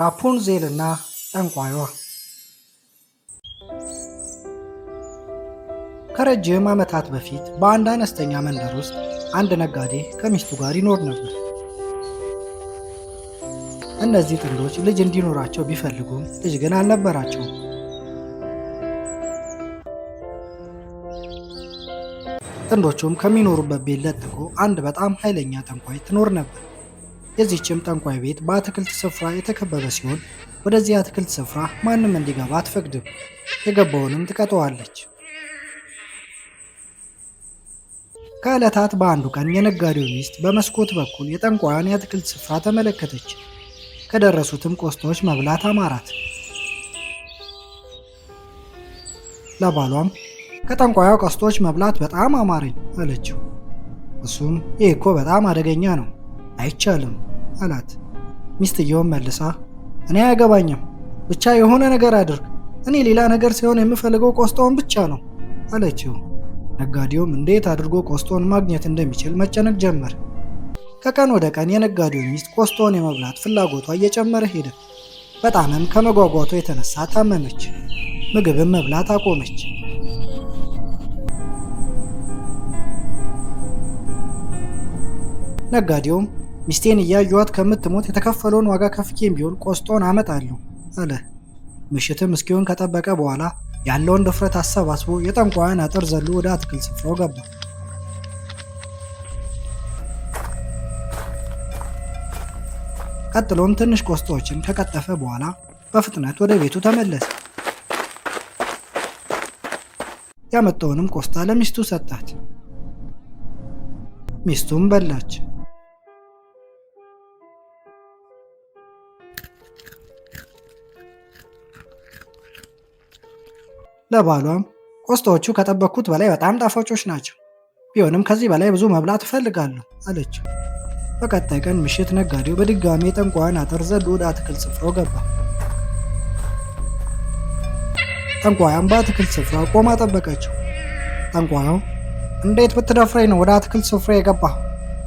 ራፑንዜል እና ጠንቋይዋ ከረጅም ዓመታት በፊት በአንድ አነስተኛ መንደር ውስጥ አንድ ነጋዴ ከሚስቱ ጋር ይኖር ነበር። እነዚህ ጥንዶች ልጅ እንዲኖራቸው ቢፈልጉም ልጅ ግን አልነበራቸውም። ጥንዶቹም ከሚኖሩበት ቤት ለጥቆ አንድ በጣም ኃይለኛ ጠንቋይ ትኖር ነበር። የዚህችም ጠንቋይ ቤት በአትክልት ስፍራ የተከበበ ሲሆን ወደዚህ አትክልት ስፍራ ማንም እንዲገባ አትፈቅድም። የገባውንም ትቀጠዋለች። ከዕለታት በአንዱ ቀን የነጋዴው ሚስት በመስኮት በኩል የጠንቋያን የአትክልት ስፍራ ተመለከተች። ከደረሱትም ቆስጣዎች መብላት አማራት። ለባሏም ከጠንቋያው ቀስቶች መብላት በጣም አማረኝ አለችው። እሱም ይህ እኮ በጣም አደገኛ ነው አይቻልም አላት። ሚስትየውም መልሳ እኔ አያገባኝም፣ ብቻ የሆነ ነገር አድርግ፣ እኔ ሌላ ነገር ሲሆን የምፈልገው ቆስጦን ብቻ ነው አለችው። ነጋዴውም እንዴት አድርጎ ቆስጦን ማግኘት እንደሚችል መጨነቅ ጀመር። ከቀን ወደ ቀን የነጋዴው ሚስት ቆስጦን የመብላት ፍላጎቷ እየጨመረ ሄደ። በጣምም ከመጓጓቷ የተነሳ ታመመች። ምግብም መብላት አቆመች። ነጋዴውም ሚስቴን እያዩዋት ከምትሞት የተከፈለውን ዋጋ ከፍዬም ቢሆን ቆስጦን አመጣለሁ አለ። ምሽትም እስኪሆን ከጠበቀ በኋላ ያለውን ድፍረት አሰባስቦ የጠንቋያን አጥር ዘሎ ወደ አትክልት ስፍራው ገባ። ቀጥሎም ትንሽ ቆስጦዎችን ከቀጠፈ በኋላ በፍጥነት ወደ ቤቱ ተመለሰ። ያመጣውንም ቆስጣ ለሚስቱ ሰጣት። ሚስቱም በላች። ለባሏም ቆስጣዎቹ ከጠበቅኩት በላይ በጣም ጣፋጮች ናቸው፣ ቢሆንም ከዚህ በላይ ብዙ መብላት እፈልጋለሁ አለችው። በቀጣይ ቀን ምሽት ነጋዴው በድጋሚ ጠንቋይን አጥር ዘግ ወደ አትክልት ስፍራው ገባ። ጠንቋያም በአትክልት ስፍራ ቆማ ጠበቀችው። ጠንቋዩ እንዴት ብትደፍረኝ ነው ወደ አትክልት ስፍራ የገባ?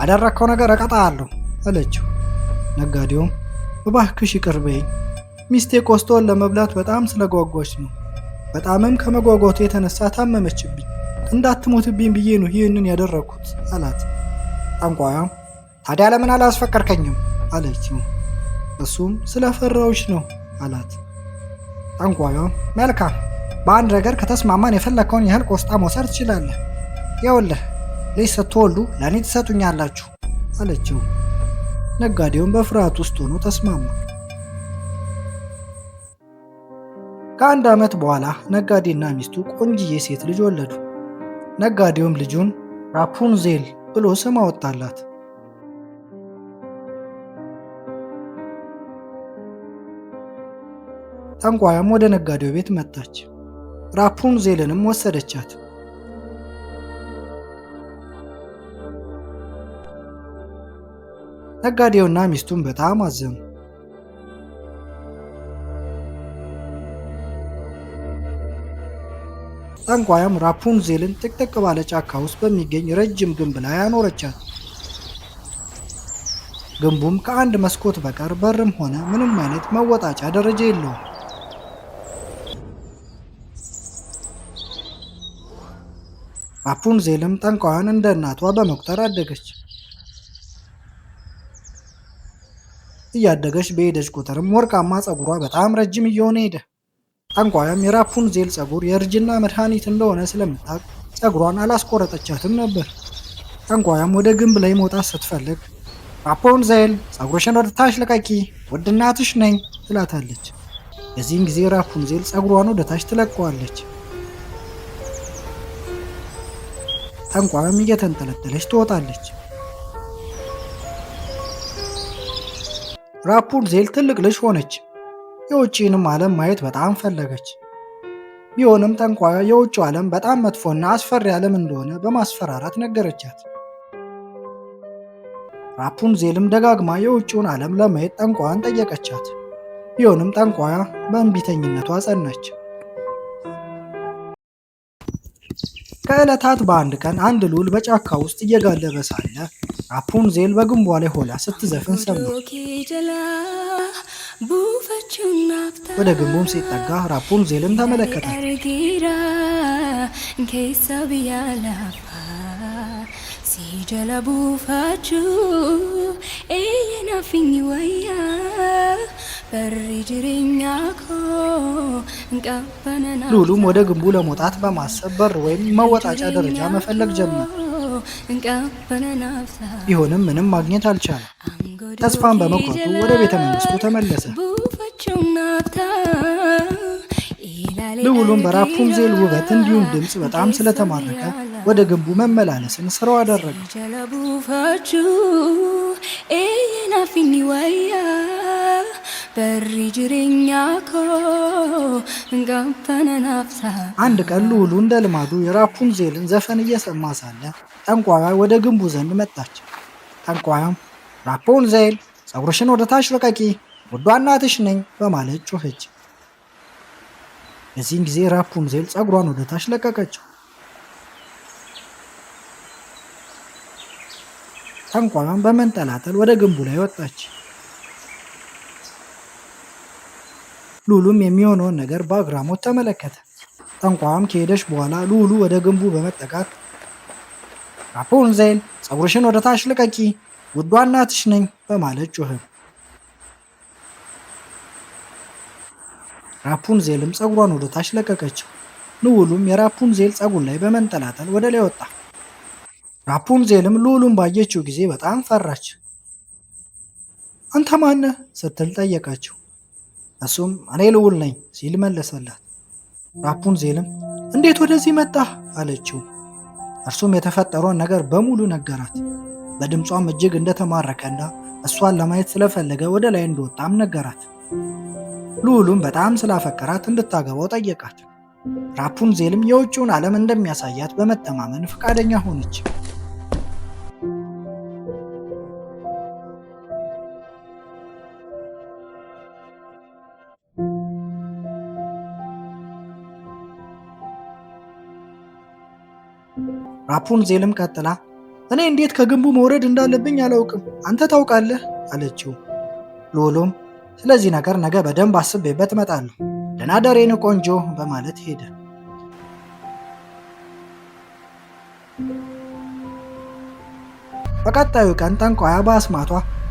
ያደረግከው ነገር እቀጣሃለሁ አለችው። ነጋዴውም እባክሽ ይቅር ሚስቴ ቆስጦን ለመብላት በጣም ስለጓጓች ነው። በጣምም ከመጓጓቱ የተነሳ ታመመችብኝ። እንዳትሞትብኝ ብዬ ነው ይህንን ያደረግኩት አላት። ጠንቋዩም ታዲያ ለምን አላስፈቀድከኝም አለችው። እሱም ስለፈራሁሽ ነው አላት። ጠንቋዩም መልካም፣ በአንድ ነገር ከተስማማን የፈለግከውን ያህል ቆስጣ መውሰድ ትችላለህ። ይኸውልህ ልጅ ስትወልዱ ለእኔ ትሰጡኛላችሁ አለችው። ነጋዴውን በፍርሃት ውስጥ ሆኖ ተስማማ። ከአንድ ዓመት በኋላ ነጋዴና ሚስቱ ቆንጅዬ ሴት ልጅ ወለዱ። ነጋዴውም ልጁን ራፑንዜል ብሎ ስም አወጣላት። ጠንቋያም ወደ ነጋዴው ቤት መጣች። ራፑንዜልንም ወሰደቻት። ነጋዴውና ሚስቱን በጣም አዘኑ። ጠንቋያም ራፑንዜልን ጥቅጥቅ ባለ ጫካ ውስጥ በሚገኝ ረጅም ግንብ ላይ አኖረቻት። ግንቡም ከአንድ መስኮት በቀር በርም ሆነ ምንም አይነት መወጣጫ ደረጃ የለውም። ራፑንዜልም ጠንቋያን እንደ እናቷ በመቁጠር አደገች። እያደገች በሄደች ቁጥርም ወርቃማ ፀጉሯ በጣም ረጅም እየሆነ ሄደ። ጠንቋያም የራፑንዜል ፀጉር የእርጅና መድኃኒት እንደሆነ ስለምታውቅ ፀጉሯን አላስቆረጠቻትም ነበር። ጠንቋያም ወደ ግንብ ላይ መውጣት ስትፈልግ ራፑንዜል ፀጉርሽን ወደ ታች ልቀቂ፣ ውድ እናትሽ ነኝ ትላታለች። በዚህም ጊዜ ራፑንዜል ፀጉሯን ወደ ታች ትለቀዋለች። ጠንቋያም እየተንጠለጠለች ትወጣለች። ራፑንዜል ትልቅ ልጅ ሆነች። የውጭንም ዓለም ማየት በጣም ፈለገች። ቢሆንም ጠንቋዩ የውጭው ዓለም በጣም መጥፎና አስፈሪ ዓለም እንደሆነ በማስፈራራት ነገረቻት። ራፑንዜልም ደጋግማ የውጭውን ዓለም ለማየት ጠንቋያን ጠየቀቻት። ቢሆንም ጠንቋያ በእንቢተኝነቷ ጸናች። ከዕለታት በአንድ ቀን አንድ ልዑል በጫካ ውስጥ እየጋለበ ሳለ ራፑንዜል በግንቧ ላይ ሆና ስትዘፍን ሰማ። ወደ ግንቡም ሲጠጋ ራፑንዜልን ዜልን ሲጀላ ቡፋችሁ ወያ ሉሉም ወደ ግንቡ ለመውጣት በማሰብ በር ወይም መወጣጫ ደረጃ መፈለግ ጀመር። ቢሆንም ምንም ማግኘት አልቻለ። ተስፋን በመቁረጡ ወደ ቤተ መንግስቱ ተመለሰ። ልዑሉም በራፑንዜል ውበት እንዲሁም ድምፅ በጣም ስለተማረከ ወደ ግንቡ መመላለስን ስራው አደረገ። በሪ ጅሬኛ አንድ ቀን ልውሉ እንደ ልማዱ የራፑን ዜልን ዘፈን እየሰማ ሳለ ጠንቋያ ወደ ግንቡ ዘንድ መጣች። ጠንቋያም ዜል ፀጉርሽን ወደ ታች ረቀቂ፣ ውዷ እናትሽ ነኝ በማለት ጮኸች። በዚህም ጊዜ ራፑን ዜል ፀጉሯን ወደ ታች ለቀቀችው። ጠንቋያም በመንጠላጠል ወደ ግንቡ ላይ ወጣች። ሉሉም የሚሆነውን ነገር በአግራሞት ተመለከተ። ጠንቋም ከሄደች በኋላ ሉሉ ወደ ግንቡ በመጠጋት ራፑንዜል ፀጉርሽን ወደ ታች ልቀቂ፣ ውዷ እናትሽ ነኝ በማለት ጩኸ። ራፑንዜልም ፀጉሯን ወደ ታች ለቀቀችው። ልዑሉም የራፑንዜል ፀጉር ላይ በመንጠላጠል ወደ ላይ ወጣ። ራፑንዜልም ልዑሉን ባየችው ጊዜ በጣም ፈራች። አንተ ማነህ ስትል ጠየቀችው። እሱም እኔ ልውል ነኝ ሲል መለሰላት። ራፑንዜልም እንዴት ወደዚህ መጣህ አለችው። እርሱም የተፈጠረውን ነገር በሙሉ ነገራት። በድምጿም እጅግ እንደተማረከና እሷን ለማየት ስለፈለገ ወደ ላይ እንደወጣም ነገራት። ልዑሉም በጣም ስላፈቀራት እንድታገባው ጠየቃት። ራፑንዜልም የውጭውን ዓለም እንደሚያሳያት በመተማመን ፈቃደኛ ሆነች። ራፑንዜልም ቀጥላ እኔ እንዴት ከግንቡ መውረድ እንዳለብኝ አላውቅም፣ አንተ ታውቃለህ አለችው። ሎሎም ስለዚህ ነገር ነገ በደንብ አስቤበት እመጣለሁ፣ ደህና ቆንጆ በማለት ሄደ። በቀጣዩ ቀን ጠንቋያ በአስማቷ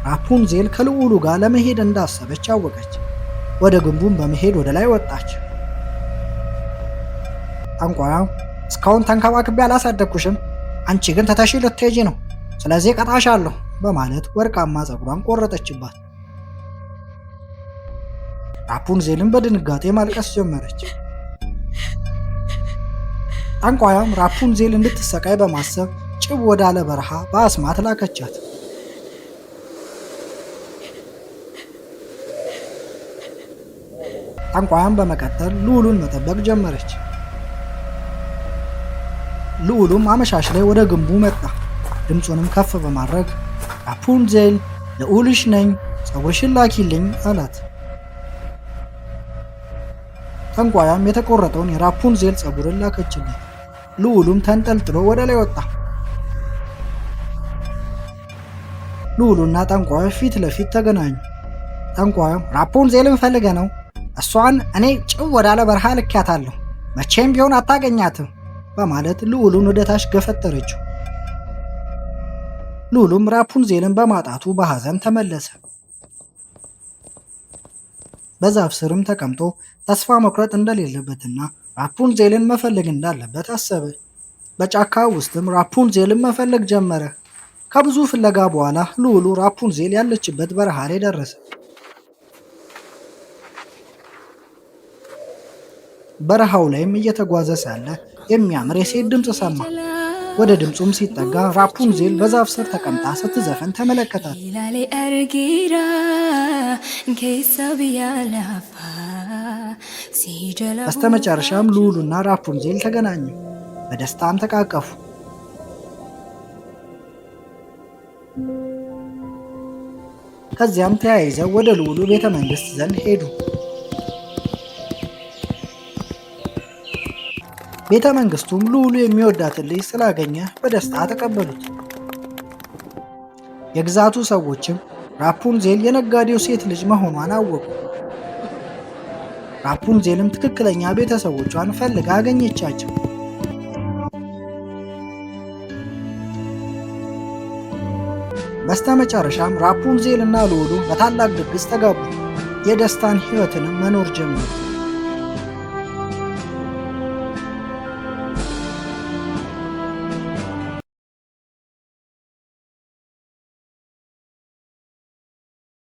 ራፑንዜል ከልዑሉ ጋር ለመሄድ እንዳሰበች አወቀች። ወደ ግንቡም በመሄድ ወደ ላይ ወጣች። ጠንቋያው እስካሁን ተንከባክቤ አላሳደግኩሽም፣ አንቺ ግን ትተሽ ልትሄጂ ነው። ስለዚህ ቀጣሻለሁ በማለት ወርቃማ ፀጉሯን ቆረጠችባት። ራፑንዜልም በድንጋጤ ማልቀስ ጀመረች። ጠንቋያም ራፑንዜል እንድትሰቃይ በማሰብ ጭብ ወዳለ በረሃ በአስማት ላከቻት። ጠንቋያም በመቀጠል ልዑሉን መጠበቅ ጀመረች። ልዑሉም አመሻሽ ላይ ወደ ግንቡ መጣ። ድምፁንም ከፍ በማድረግ ራፑንዜል ልዑልሽ ነኝ፣ ፀጉርሽን ላኪልኝ አላት። ጠንቋያም የተቆረጠውን የራፑንዜል ፀጉርን ላከችለት። ልዑሉም ተንጠልጥሎ ወደ ላይ ወጣ። ልዑሉና ጠንቋዩ ፊት ለፊት ተገናኙ። ጠንቋዩም ራፑንዜልን ፈልገ ነው እሷን እኔ ጭው ወዳለ በረሃ ልኪያታለሁ፣ መቼም ቢሆን አታገኛትም በማለት ልዑሉን ወደ ታች ገፈጠረችው። ልዑሉም ራፑንዜልን በማጣቱ በሐዘን ተመለሰ። በዛፍ ስርም ተቀምጦ ተስፋ መቁረጥ እንደሌለበትና ራፑንዜልን መፈለግ እንዳለበት አሰበ። በጫካ ውስጥም ራፑንዜልን መፈለግ ጀመረ። ከብዙ ፍለጋ በኋላ ልዑሉ ራፑንዜል ያለችበት በረሃ ላይ ደረሰ። በረሃው ላይም እየተጓዘ ሳለ የሚያምር የሴት ድምፅ ሰማ። ወደ ድምፁም ሲጠጋ ራፑንዜል በዛፍ ስር ተቀምጣ ስትዘፈን ተመለከታት። በስተመጨረሻም ልዑሉና ራፑንዜል ተገናኙ፣ በደስታም ተቃቀፉ። ከዚያም ተያይዘው ወደ ልዑሉ ቤተ መንግሥት ዘንድ ሄዱ። ቤተ መንግስቱም ልዑሉ የሚወዳትን ልጅ ስላገኘ በደስታ ተቀበሉት። የግዛቱ ሰዎችም ራፑንዜል የነጋዴው ሴት ልጅ መሆኗን አወቁ። ራፑንዜልም ትክክለኛ ቤተሰቦቿን ፈልጋ አገኘቻቸው። በስተመጨረሻም ራፑንዜል እና ልዑሉ በታላቅ ድግስ ተጋቡ። የደስታን ሕይወትንም መኖር ጀመሩ።